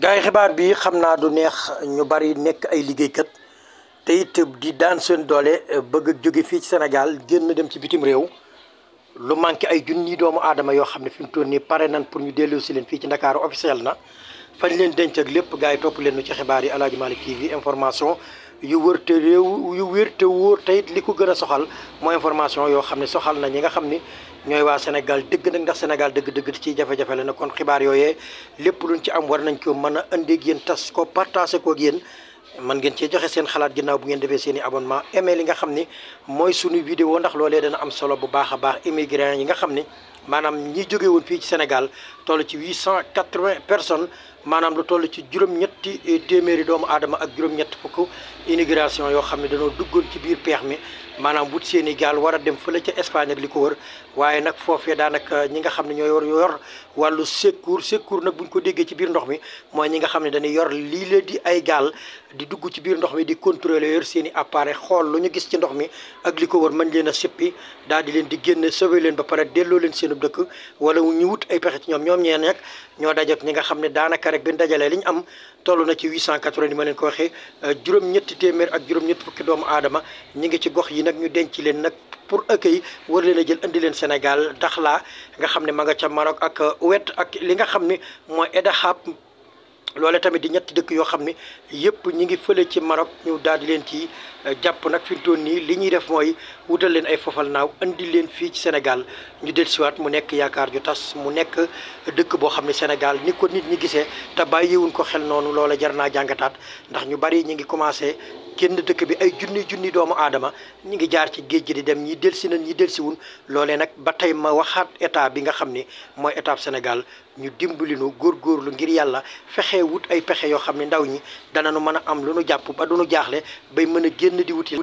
gars yi xibaar bi xam naa du neex ñu bari nekk ay liggéeykat te it di daan seen doole bëgg a jóge fii ci Sénégal génn dem ci bitim réew lu manqué ay junni doomu aadama yoo xam ne fi mu toll pare nan pour ñu delloo si leen fii ci Ndakaaru officiel na fañ leen denc lépp gars yi topp leen nu ci xibaar yi Aladji kii TV information yu wër te yu wér te wóor li ko gën a soxal mooy information yoo xam ne soxal na ñi nga xam ni ñooy waa Sénégal dëgg nag ndax Sénégal dëgg-dëgg ci jafe-jafe la na kon xibaar yooyee lépp luñ ci am war nañ ko mën a indi ak tas ko partagé ko ak yéen man ngeen cee joxe seen xalaat ginnaaw bu ngeen defee seen i abonnement aimé li nga xam ni mooy suñu vidéo ndax loolee dana am solo bu baax a baax immigrant yi nga xam ni maanaam ñi jóge woon fii ci Sénégal toll ci 880 personnes maanaam lu toll ci juróom-ñetti eh, téeméeri doomu aadama ak juróom-ñetti fukk immigration yoo xam ne dañoo duggoon ci biir peex mi maanaam wut seeni gaal war a dem fële ca Espagne ak li ko wër waaye nag foofee daanaka ñi nga xam ne ñoo yor yor wàllu secours secours nag bu ñu ko déggee ci biir ndox mi mooy ñi nga xam ne dañuy yor lii di ay gaal di dugg ci biir ndox mi di contrôler yor seen i appareil xool lu gis ci ndox mi ak li ko wër mën leen a sëppi daal di leen di génne sauver leen ba pare delloo leen seen dëkk wala ñu wut ay pexe ci ñoom ñoom ñee nag ñoo daje ñi nga xam ne daanaka rek bi dajalee li ñu am tollu na ci 880 ni ma leen ko waxee euh, juróom-ñetti téeméer ak juróom-ñetti fukki doomu aadama ñi ngi ci gox yi nag ñu denc leen nag pour accueil war leen a jël indi leen Sénégal Dakhla nga xam ne ma nga ca Maroc ak euh, Oued ak li nga xam ne mooy Edahab loole tamit di ñetti dëkk yoo xam ne yëpp ñi ngi fële ci Maroc ñu daal di leen ci jàpp nag fi mu nii li ñuy def mooy wutal leen ay fofal naaw leen fii ci Sénégal ñu siwaat mu nekk yaakaar ju tas mu nekk dëkk boo xam ne Sénégal ni ko nit ñi gisee te bàyyiwuñ ko xel noonu loola jar naa jàngataat ndax ñu bari ñu ngi commencé. génn dëkk bi ay junni junni doomu aadama ñi ngi jaar ci géej gi di dem ñi delsi nañ ñi delsi wun loole nag ba tey ma waxaat état bi nga xam ni mooy état Sénégal ñu dimbali nu góorgóorlu ngir yàlla fexe wut ay pexe yoo xam ne ndaw ñi dana nu mën a am lu nu jàpp ba du nu jaaxle bay mën a génn di wuti